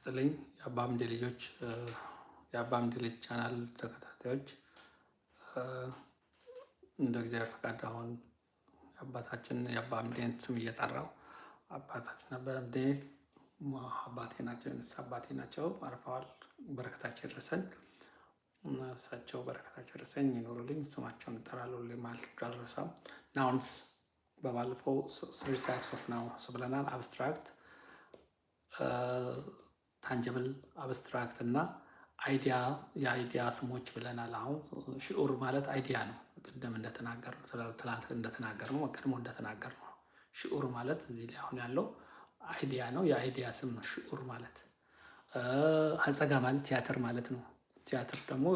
ይስጥልኝ የአባ ልጆች የአባ ልጅ ቻናል ተከታታዮች እንደ እግዚአብሔር ፈቃድ አሁን አባታችን የአባ ስም እየጠራው አባታችን አባ አባቴ ናቸው፣ የንስሐ አባቴ ናቸው፣ አርፈዋል። በረከታቸው ይድረሰን። እሳቸው በረከታቸው ይድረሰኝ ይኖሩልኝ። ስማቸውን እጠራለሁ ልማል አልደረሰም። ናውንስ በባለፈው ስሪ ታይፕስ ኦፍ ናውንስ ብለናል። አብስትራክት ታንጀብል አብስትራክት እና አይዲያ የአይዲያ ስሞች ብለናል። አሁን ሽዑር ማለት አይዲያ ነው። ቅድም እንደተናገር ትላንት እንደተናገር ነው ቀድሞ እንደተናገር ነው። ሽዑር ማለት እዚህ ላይ አሁን ያለው አይዲያ ነው። የአይዲያ ስም ነው ሽዑር ማለት። አጸጋ ማለት ቲያትር ማለት ነው። ቲያትር ደግሞ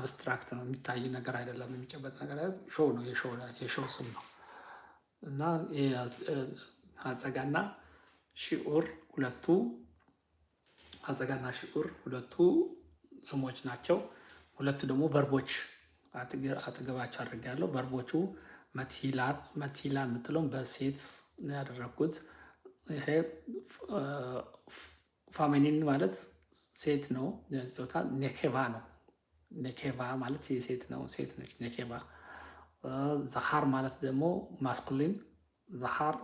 አብስትራክት ነው። የሚታይ ነገር አይደለም፣ የሚጨበጥ ነገር አይደለም። ሾው ነው፣ የሾው ስም ነው እና አጸጋና ሽዑር ሁለቱ አዘጋና ሽዑር ሁለቱ ስሞች ናቸው። ሁለቱ ደግሞ ቨርቦች አጠገባቸው ያለው ቨርቦቹ መቲላ የምትለውን በሴት ነው ያደረግኩት። ይሄ ፋሚኒን ማለት ሴት ነው፣ ጾታ ኔኬቫ ነው። ኔኬቫ ማለት የሴት ነው፣ ሴት ነች ኔኬቫ። ዛሃር ማለት ደግሞ ማስኩሊን፣ ዛሃር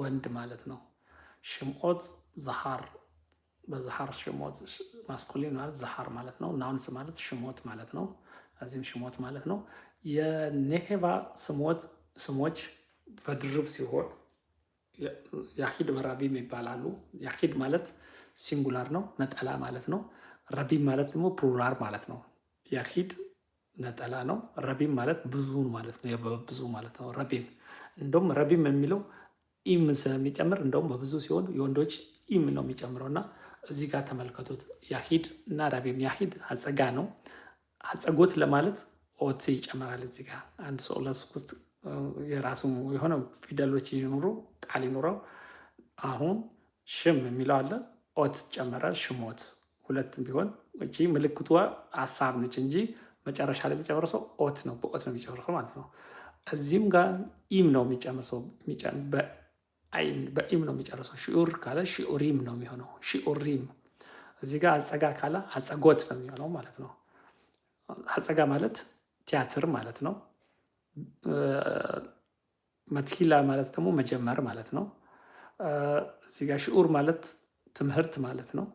ወንድ ማለት ነው። ሽምዖት ዛሃር በዝሓር ሽሞት ማስኩሊን ማለት ዝሓር ማለት ነው። ናውንስ ማለት ሽሞት ማለት ነው። እዚህም ሽሞት ማለት ነው። የኔኬቫ ስሞት ስሞች በድርብ ሲሆን ያኪድ በራቢም ይባላሉ። ያኪድ ማለት ሲንጉላር ነው፣ ነጠላ ማለት ነው። ረቢም ማለት ደግሞ ፕሉራል ማለት ነው። ያኪድ ነጠላ ነው። ረቢም ማለት ብዙ ማለት ነው፣ የብዙ ማለት ነው። ረቢም እንደውም ረቢም የሚለው ኢም ስለሚጨምር እንደውም በብዙ ሲሆን የወንዶች ኢም ነው የሚጨምረው እና እዚህ ጋር ተመልከቱት። ያሂድ እና ረቢም ያሂድ አጸጋ ነው። አጸጎት ለማለት ኦት ይጨምራል። እዚህ ጋር አንድ ሰው ለሶስት የራሱ የሆነ ፊደሎች ይኑሩ ቃል ይኑረው። አሁን ሽም የሚለው አለ። ኦት ጨመረ፣ ሽሞት ሁለትም ቢሆን እቺ ምልክቱ ሀሳብ ነች እንጂ መጨረሻ ላይ የሚጨምር ሰው ኦት ነው፣ በኦት ነው የሚጨምር ማለት ነው። እዚህም ጋር ኢም ነው የሚጨምር አይን በኢም ነው የሚጨርሰው። ሽዑር ካለ ሽዑሪም ነው የሚሆነው። ሽዑሪም እዚህ ጋር አጸጋ ካለ አጸጎት ነው የሚሆነው ማለት ነው። አጸጋ ማለት ቲያትር ማለት ነው። መትኪላ ማለት ደግሞ መጀመር ማለት ነው። እዚህ ጋር ሽዑር ማለት ትምህርት ማለት ነው።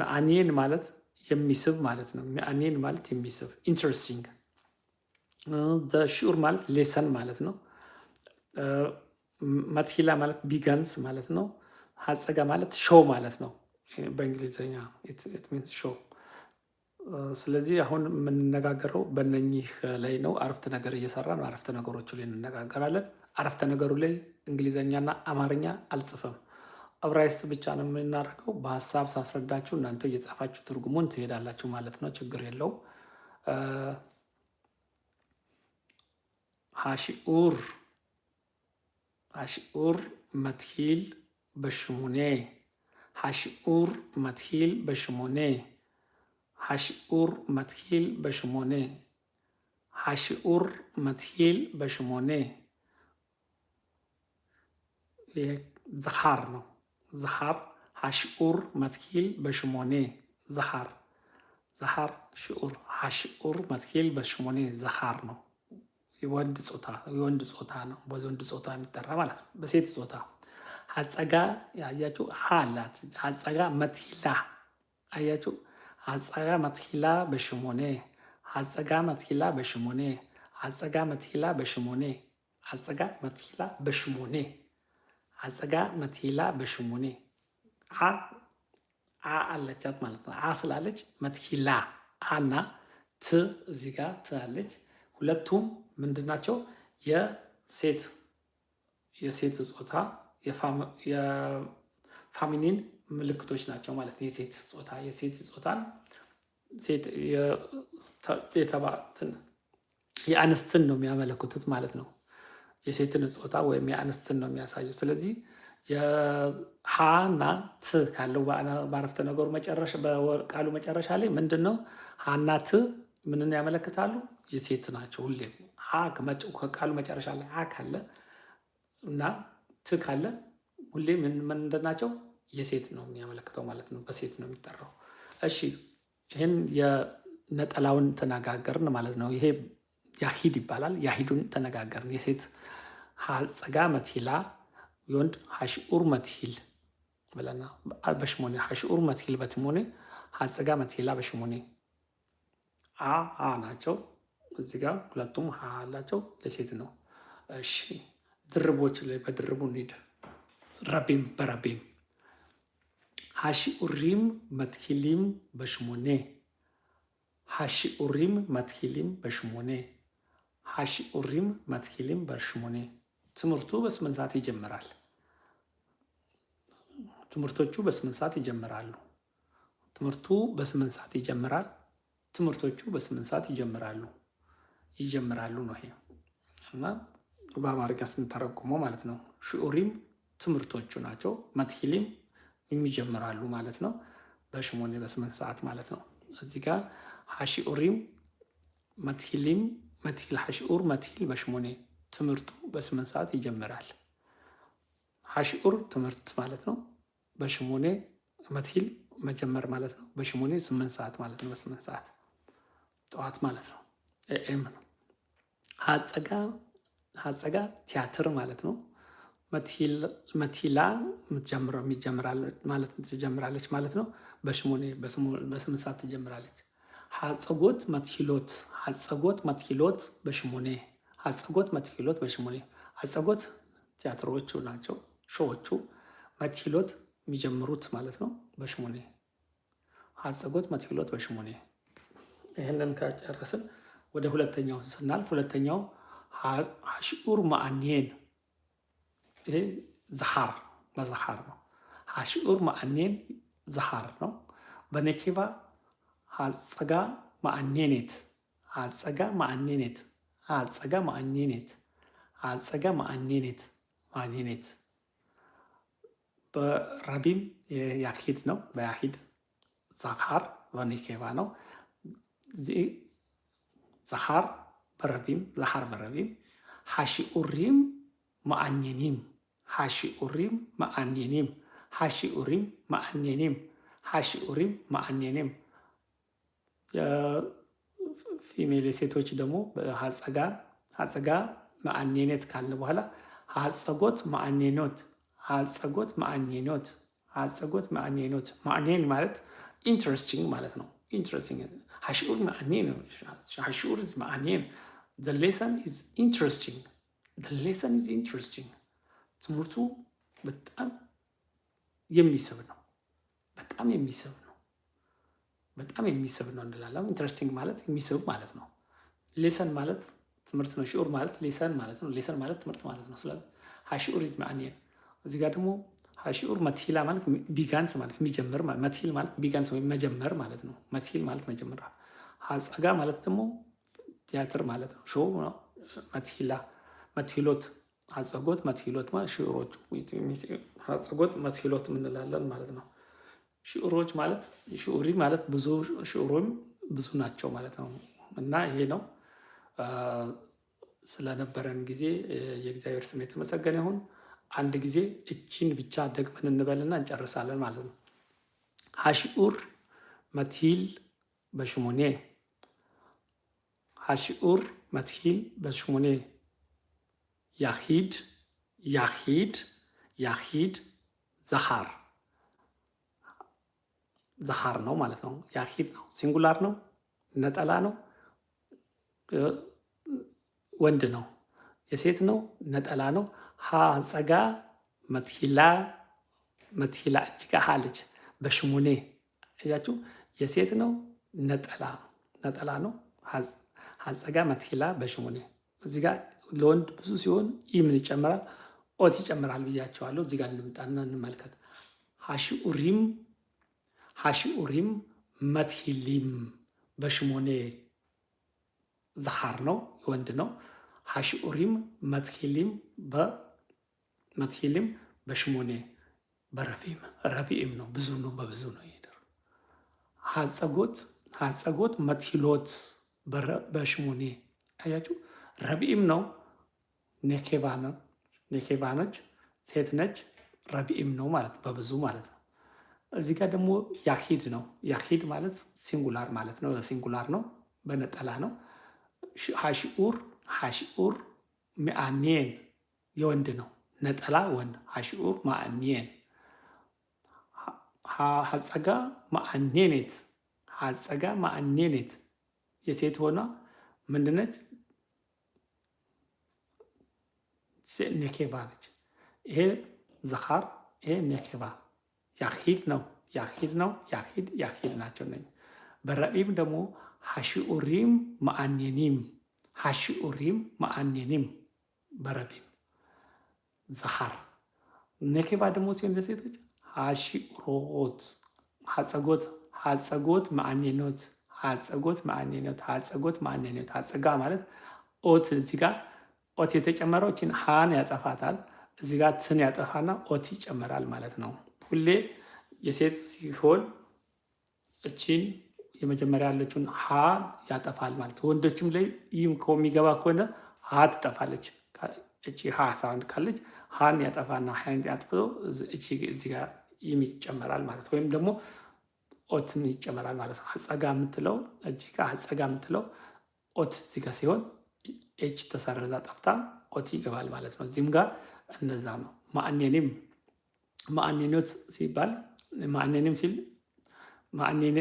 መአኔን ማለት የሚስብ ማለት ነው። መአኔን ማለት የሚስብ ኢንትረስቲንግ። ሽዑር ማለት ሌሰን ማለት ነው። መትሂላ ማለት ቢጋንስ ማለት ነው። ሀጸጋ ማለት ሾው ማለት ነው በእንግሊዝኛ ሚንስ ሾው። ስለዚህ አሁን የምንነጋገረው በነኚህ ላይ ነው። አረፍተ ነገር እየሰራን አረፍተ ነገሮቹ ላይ እንነጋገራለን። አረፍተ ነገሩ ላይ እንግሊዝኛና አማርኛ አልጽፍም፣ እብራይስጥ ብቻ ነው የምናደርገው። በሀሳብ ሳስረዳችሁ እናንተ እየጻፋችሁ ትርጉሙን ትሄዳላችሁ ማለት ነው። ችግር የለው። ሀሺኡር ሐሽኡር መትሂል በሽሙኔ ሐሽዑር መትሂል በሽሙኔ ሐሽዑር መትሂል በሽሙኔ ሐሽዑር መትሂል በሽሙኔ ዝሃር ነው። ዝሃር ሐሽዑር መትሂል በሽሙኔ ዝሃር ዝሃር ሽዑር ሐሽዑር መትሂል በሽሙኔ ዝሃር ነው። የወንድ ጾታ የወንድ ጾታ ነው። በወንድ ጾታ የሚጠራ ማለት ነው። በሴት ጾታ አጸጋ ያያችሁ አላት አጸጋ መትሂላ አያችሁ አጸጋ መትሂላ በሽሞኔ አጸጋ መትሂላ በሽሞኔ አጸጋ መትሂላ በሽሞኔ አጸጋ መትሂላ በሽሞኔ አጸጋ መትሂላ በሽሞኔ አ አ አለቻት ማለት ነው። አ ስላለች መትሂላ አና ት እዚህ ጋር ትላለች ሁለቱም ምንድናቸው? የሴት የሴት ጾታ የፋሚኒን ምልክቶች ናቸው ማለት ነው። የሴት ጾታ የሴት ጾታን የአንስትን ነው የሚያመለክቱት ማለት ነው። የሴትን ጾታ ወይም የአንስትን ነው የሚያሳየው። ስለዚህ የሃና ት ካለው በአረፍተ ነገሩ ቃሉ መጨረሻ ላይ ምንድን ነው? ሃና ት ምንን ያመለክታሉ? የሴት ናቸው ሁሌም ሀ ከቃሉ መጨረሻ ላይ ሀ ካለ እና ት ካለ ሁሌ ምን ምንድን የሴት ነው የሚያመለክተው ማለት ነው። በሴት ነው የሚጠራው። እሺ ይህን የነጠላውን ተነጋገርን ማለት ነው። ይሄ ያሂድ ይባላል። ያሂዱን ተነጋገርን። የሴት ሀጸጋ መትሂላ የወንድ ሀሽኡር መትሂል ብለና በሽሞኔ ሀሽኡር መትሂል በትሞኔ ሀጸጋ መትሂላ በሽሞኔ አ ናቸው። እዚህ ጋር ሁለቱም ሀ አላቸው ለሴት ነው። እሺ ድርቦች ላይ በድርቡ እንሂድ። ረቢም በረቢም ኡሪም መትኪሊም በሽሞኔ ኡሪም መትኪሊም በሽሞኔ ኡሪም መትኪሊም በሽሞኔ። ትምህርቱ በስምንት ሰዓት ይጀምራል። ትምህርቶቹ በስምንት ሰዓት ይጀምራሉ። ትምህርቱ በስምንት ሰዓት ይጀምራል። ትምህርቶቹ በስምንት ሰዓት ይጀምራሉ። ይጀምራሉ ነው ይሄ እና በአማርኛ ስንተረቁሞ ማለት ነው። ሽዑሪም ትምህርቶቹ ናቸው። መትሂሊም የሚጀምራሉ ማለት ነው። በሽሞኔ በስምንት ሰዓት ማለት ነው። እዚህ ጋር ሐሺዑሪም መትሂሊም መትሂል ሐሺዑር መትሂል በሽሞኔ ትምህርቱ በስምንት ሰዓት ይጀምራል። ሐሺዑር ትምህርት ማለት ነው። በሽሞኔ መትሂል መጀመር ማለት ነው። በሽሞኔ ስምንት ሰዓት ማለት ነው። በስምንት ሰዓት ጠዋት ማለት ነው። ኤኤም ነው። ሀጸጋ ሀጸጋ ቲያትር ማለት ነው። መቲላ ትጀምራለች ማለት ነው። በሽሙኔ በስምንት ሰዓት ትጀምራለች። ሀጸጎት መትሎት ሀጸጎት መትሎት በሽሙኔ ሀጸጎት መትሎት በሽሙኔ ሀጸጎት ቲያትሮቹ ናቸው ሾዎቹ። መትሎት የሚጀምሩት ማለት ነው በሽሙኔ ሀጸጎት መትሎት በሽሙኔ ይህንን ከጨረስን ወደ ሁለተኛው ስናልፍ ሁለተኛው ሀሽዑር ማአኔን ዝሃር መዝሃር ነው። ሀሽዑር ማአኔን ዝሃር ነው። በኔኬባ አፀጋ ማአኔኔት አፀጋ ማአኔኔት አፀጋ ማአኔኔት አፀጋ ማአኔኔት ማአኔኔት በረቢም ያሂድ ነው። በያሂድ ዛኻር በኔኬባ ነው። ዛሃር በረቢም ዛሃር በረቢም ኡሪም ኡሪም መአኔኒም ሓሺኡሪም ኡሪም ሓሺኡሪም መአኔኒም ኡሪም መአኔኒም ፊሜል ሴቶች ደግሞ ሀጸጋ ሀጸጋ መአኔኔት ካለ በኋላ ሀጸጎት መአኔኖት ሀጸጎት መአኔኖት ሀጸጎት መአኔኖት መአኔን ማለት ኢንትረስቲንግ ማለት ነው። interesting. Hashur ma'anin. Hashur is ma'anin. The lesson is interesting. The lesson is interesting. ትምህርቱ በጣም የሚስብ ነው። በጣም የሚስብ ነው። በጣም የሚስብ ነው እንላለን። ኢንትረስቲንግ ማለት የሚስብ ማለት ነው። ሌሰን ማለት ትምህርት ነው። ሽዑር ማለት ሌሰን ማለት ነው። ሌሰን ማለት ትምህርት ማለት ነው። ስለዚህ ሀሽዑር ይዝ መዓኒየን እዚህ ጋር ደግሞ ሺዑር መትሂላ ማለት ቢጋንስ ማለት የሚጀምር መትሂል ማለት ቢጋንስ ወይም መጀመር ማለት ነው። መትሂል ማለት መጀመር፣ ሀጸጋ ማለት ደግሞ ቲያትር ማለት ነው። ሾው መትሂላ መትሂሎት ሀጸጎት መትሂሎት ሺዑሮች ሀጸጎት መትሂሎት ምንላለን ማለት ነው። ሺዑሮች ማለት ሺዑሪ ማለት ብዙ ሺዑሮም ብዙ ናቸው ማለት ነው። እና ይሄ ነው ስለነበረን ጊዜ የእግዚአብሔር ስም የተመሰገነ ይሁን። አንድ ጊዜ እቺን ብቻ ደግመን እንበልና እንጨርሳለን ማለት ነው። ሀሽኡር መትሂል በሽሙኔ ሀሽኡር መትሂል በሽሙኔ ያሂድ ያሂድ ያሂድ ዘሃር ዘሃር ነው ማለት ነው። ያሂድ ነው ሲንጉላር ነው ነጠላ ነው ወንድ ነው የሴት ነው ነጠላ ነው ሀጸጋ ጸጋ መትሂላ መትሂላ እጅጋ ሀ ልጅ በሽሙኔ እያችሁ የሴት ነው። ነጠላ ነጠላ ነው። ሀጸጋ መትሂላ በሽሙኔ እዚህ ጋር ለወንድ ብዙ ሲሆን ይህ ምን ይጨምራል? ኦት ይጨምራል ብያቸዋለሁ። እዚህ ጋር እንምጣና እንመልከት። ሀሺኡሪም ሀሺኡሪም መትሂሊም በሽሞኔ ዝሃር ነው፣ የወንድ ነው። ሀሺኡሪም መትሂሊም መትሂልም በሽሞኔ በረፊም ረቢም ነው። ብዙ ነው፣ በብዙ ነው ይሄዳል። ሀጸጎት ሀጸጎት መትሂሎት በሽሞኔ አያችሁ። ረቢም ነው፣ ኔኬባ ነው። ኔኬባ ነች፣ ሴት ነች። ረቢም ነው ማለት በብዙ ማለት ነው። እዚህ ጋር ደግሞ ያሂድ ነው። ያሂድ ማለት ሲንጉላር ማለት ነው። ሲንጉላር ነው፣ በነጠላ ነው። ሀሺኡር ሀሺኡር ሚአኔን የወንድ ነው። ነጠላ ወን ሃሽኡር ማአኔን ሀጸጋ ማዕኔኔት ሀጸጋ ማዕኔኔት የሴት ሆና ምንድነች? ኔኬቫ ነች። ይሄ ዘኻር ይሄ ኔኬቫ ያሂድ ነው ያሂድ ነው ያሂድ ያሂድ ናቸው። ነ በረቢም ደግሞ ሃሽኡሪም ማአኔኒም ሃሽኡሪም ማአኔኒም በረቢም ዝሃር ነኬባ ደግሞ ሲሆን ለሴቶች ሃሺሮት ሃፀጎት ሃፀጎት መአኔኖት ሃፀጎት መአኔኖት ሃፀጎት መአኔኖት ሃፀጋ ማለት ኦት እዚህ ጋር ኦት የተጨመረው ችን ሃን ያጠፋታል። እዚ ጋ ትን ያጠፋና ኦት ይጨመራል ማለት ነው። ሁሌ የሴት ሲሆን እቺን የመጀመሪያ ያለችውን ሀ ያጠፋል ማለት ወንዶችም ላይ ይህም ከሚገባ ከሆነ ሀ ትጠፋለች። እቺ ሀ ሳውንድ ካለች ሀን ያጠፋና ሀን ያጥፍ እዚ ጋር ይጨመራል ማለት ወይም ደግሞ ኦትም ይጨመራል ማለት ነው። ሀጸጋ የምትለው እዚህ ጋር ሀጸጋ የምትለው ኦት እዚህ ጋር ሲሆን ኤች ተሰረዛ ጠፍታ ኦት ይገባል ማለት ነው። እዚህም ጋር እነዛ ነው። ማአኔኔም ማአኔኔት ሲባል ማአኔኔም ሲል ማአኔኔ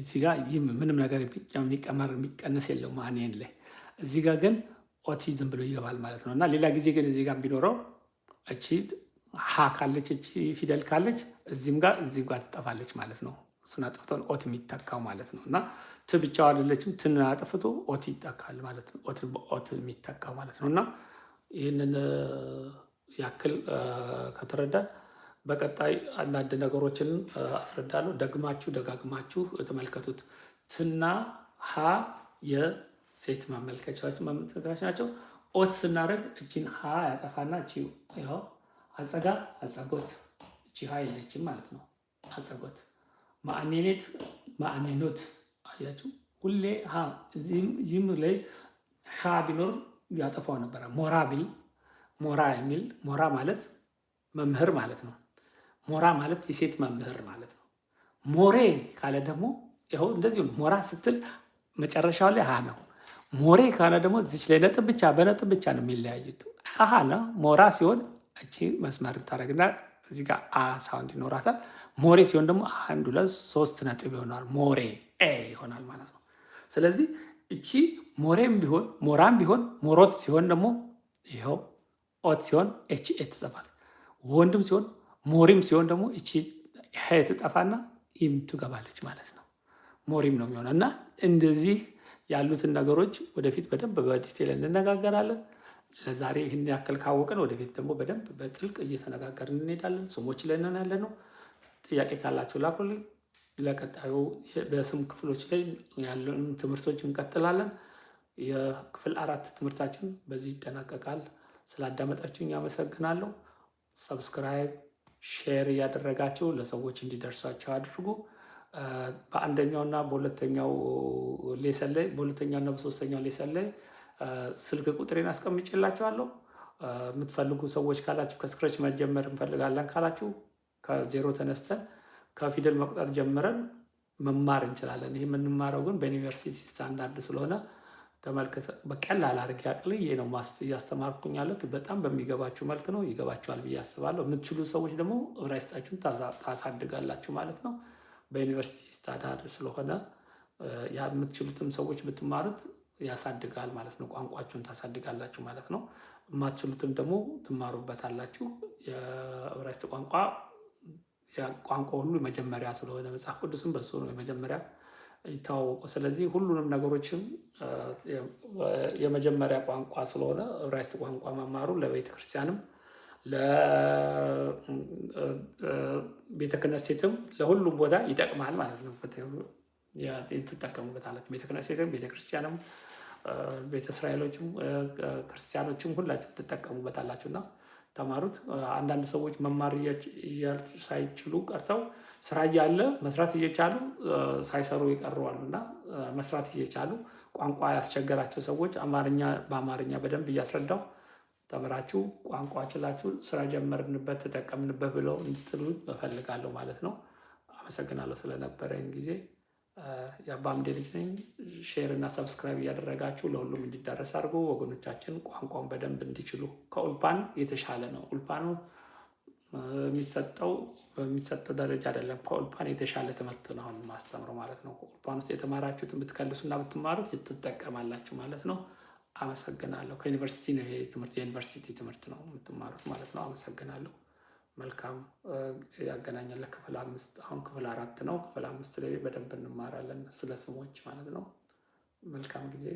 እዚህ ጋር ምንም ነገር የሚቀመር የሚቀነስ የለው ማአኔን ላይ እዚህ ጋር ግን ኦቲዝም ብሎ ይገባል ማለት ነው። እና ሌላ ጊዜ ግን እዚህ ጋር ቢኖረው እቺ ሀ ካለች እቺ ፊደል ካለች እዚህም ጋር እዚህ ጋር ትጠፋለች ማለት ነው። እሱን አጥፍቶን ኦት የሚተካው ማለት ነው። እና ት ብቻው አይደለችም፣ ትን አጥፍቶ ኦት ይጠካል ማለት ነው። ኦት በኦት የሚተካው ማለት ነው። እና ይህንን ያክል ከተረዳን በቀጣይ አንዳንድ ነገሮችን አስረዳለሁ። ደግማችሁ ደጋግማችሁ ተመልከቱት። ትና ሀ የ ሴት ማመልከቻዎች ማመልከቻዎች ናቸው። ኦት ስናደርግ እችን ሀ ያጠፋና እቺ ይኸው አጸጋ አጸጎት እቺ ሀ የለችም ማለት ነው። አጸጎት ማአኔኔት ማአኔኖት አያችሁ። ሁሌ ሀ እዚህም ላይ ሀ ቢኖር ያጠፋው ነበረ። ሞራ ቢል ሞራ የሚል ሞራ ማለት መምህር ማለት ነው። ሞራ ማለት የሴት መምህር ማለት ነው። ሞሬ ካለ ደግሞ ይኸው እንደዚሁ ሞራ ስትል መጨረሻው ላይ ሀ ነው። ሞሬ ከሆነ ደግሞ ዚች ላይ ነጥብ ብቻ በነጥብ ብቻ ነው የሚለያዩት። አሃለ ሞራ ሲሆን እቺ መስመር ታደረግና እዚ ጋ አ ሳውንድ ይኖራታል። ሞሬ ሲሆን ደግሞ አንድ ሁለት ሶስት ነጥብ ይሆናል። ሞሬ ኤ ይሆናል ማለት ነው። ስለዚህ እቺ ሞሬም ቢሆን ሞራም ቢሆን ሞሮት ሲሆን ደግሞ ይኸው ኦት ሲሆን ኤች ኤ ትጠፋል። ወንድም ሲሆን ሞሪም ሲሆን ደግሞ እቺ ሄ ትጠፋና ኢም ትገባለች ማለት ነው። ሞሪም ነው የሚሆነው እና እንደዚህ ያሉትን ነገሮች ወደፊት በደንብ በዲቴል እንነጋገራለን። ለዛሬ ይህን ያክል ካወቅን ወደፊት ደግሞ በደንብ በጥልቅ እየተነጋገርን እንሄዳለን። ስሞች ለነን ያለ ነው። ጥያቄ ካላችሁ ላኩልኝ። ለቀጣዩ በስም ክፍሎች ላይ ያለን ትምህርቶች እንቀጥላለን። የክፍል አራት ትምህርታችን በዚህ ይጠናቀቃል። ስላዳመጣችሁኝ አመሰግናለሁ። ሰብስክራይብ፣ ሼር እያደረጋችሁ ለሰዎች እንዲደርሳቸው አድርጉ። በአንደኛውና በሁለተኛው ሌሰን ላይ በሁለተኛውና በሶስተኛው ሌሰን ላይ ስልክ ቁጥሬን አስቀምጭላቸዋለሁ። የምትፈልጉ ሰዎች ካላችሁ ከስክረች መጀመር እንፈልጋለን ካላችሁ ከዜሮ ተነስተን ከፊደል መቁጠር ጀምረን መማር እንችላለን። ይህ የምንማረው ግን በዩኒቨርሲቲ ስታንዳርድ ስለሆነ ተመልከተ በቀላል አድርጌ አቅልዬ ነው እያስተማርኩኝ ያለሁት። በጣም በሚገባችሁ መልክ ነው። ይገባችኋል ብዬ አስባለሁ። የምትችሉ ሰዎች ደግሞ እብራይስጣችሁን ታሳድጋላችሁ ማለት ነው። በዩኒቨርሲቲ ስታዳር ስለሆነ የምትችሉትም ሰዎች ብትማሩት ያሳድጋል ማለት ነው። ቋንቋችሁን ታሳድጋላችሁ ማለት ነው። የማትችሉትም ደግሞ ትማሩበታላችሁ። የዕብራይስጥ ቋንቋ ቋንቋ ሁሉ መጀመሪያ ስለሆነ መጽሐፍ ቅዱስም በሱ ነው የመጀመሪያ ይታወቁ። ስለዚህ ሁሉንም ነገሮችም የመጀመሪያ ቋንቋ ስለሆነ ዕብራይስጥ ቋንቋ መማሩ ለቤተክርስቲያንም ለቤተ ክህነት ሴትም ለሁሉም ቦታ ይጠቅማል ማለት ነው። ትጠቀሙበት ቤተ ክህነት ሴትም ቤተክርስቲያንም ቤተ እስራኤሎችም ክርስቲያኖችም ሁላችሁም ትጠቀሙበት አላችሁ እና ተማሩት። አንዳንድ ሰዎች መማር ሳይችሉ ቀርተው ስራ እያለ መስራት እየቻሉ ሳይሰሩ ይቀረዋሉ እና መስራት እየቻሉ ቋንቋ ያስቸገራቸው ሰዎች አማርኛ በአማርኛ በደንብ እያስረዳው ተምራችሁ ቋንቋ ችላችሁ ስራ ጀመርንበት ተጠቀምንበት ብለው እንድትሉ እፈልጋለሁ ማለት ነው። አመሰግናለሁ ስለነበረኝ ጊዜ። የአባምዴ ልጅ ነኝ። ሼር እና ሰብስክራይብ እያደረጋችሁ ለሁሉም እንዲዳረስ አድርጎ ወገኖቻችን ቋንቋውን በደንብ እንዲችሉ ከኡልፓን የተሻለ ነው። ኡልፓኑ የሚሰጠው በሚሰጠው ደረጃ አይደለም። ከኡልፓን የተሻለ ትምህርት ነው አሁን ማስተምረው ማለት ነው። ኡልፓን ውስጥ የተማራችሁት ብትከልሱና ብትማሩት ትጠቀማላችሁ ማለት ነው። አመሰግናለሁ። ከዩኒቨርሲቲ ነው ይሄ ትምህርት የዩኒቨርሲቲ ትምህርት ነው የምትማሩት ማለት ነው። አመሰግናለሁ። መልካም ያገናኛለ ክፍል አምስት አሁን ክፍል አራት ነው። ክፍል አምስት ላይ በደንብ እንማራለን ስለ ስሞች ማለት ነው። መልካም ጊዜ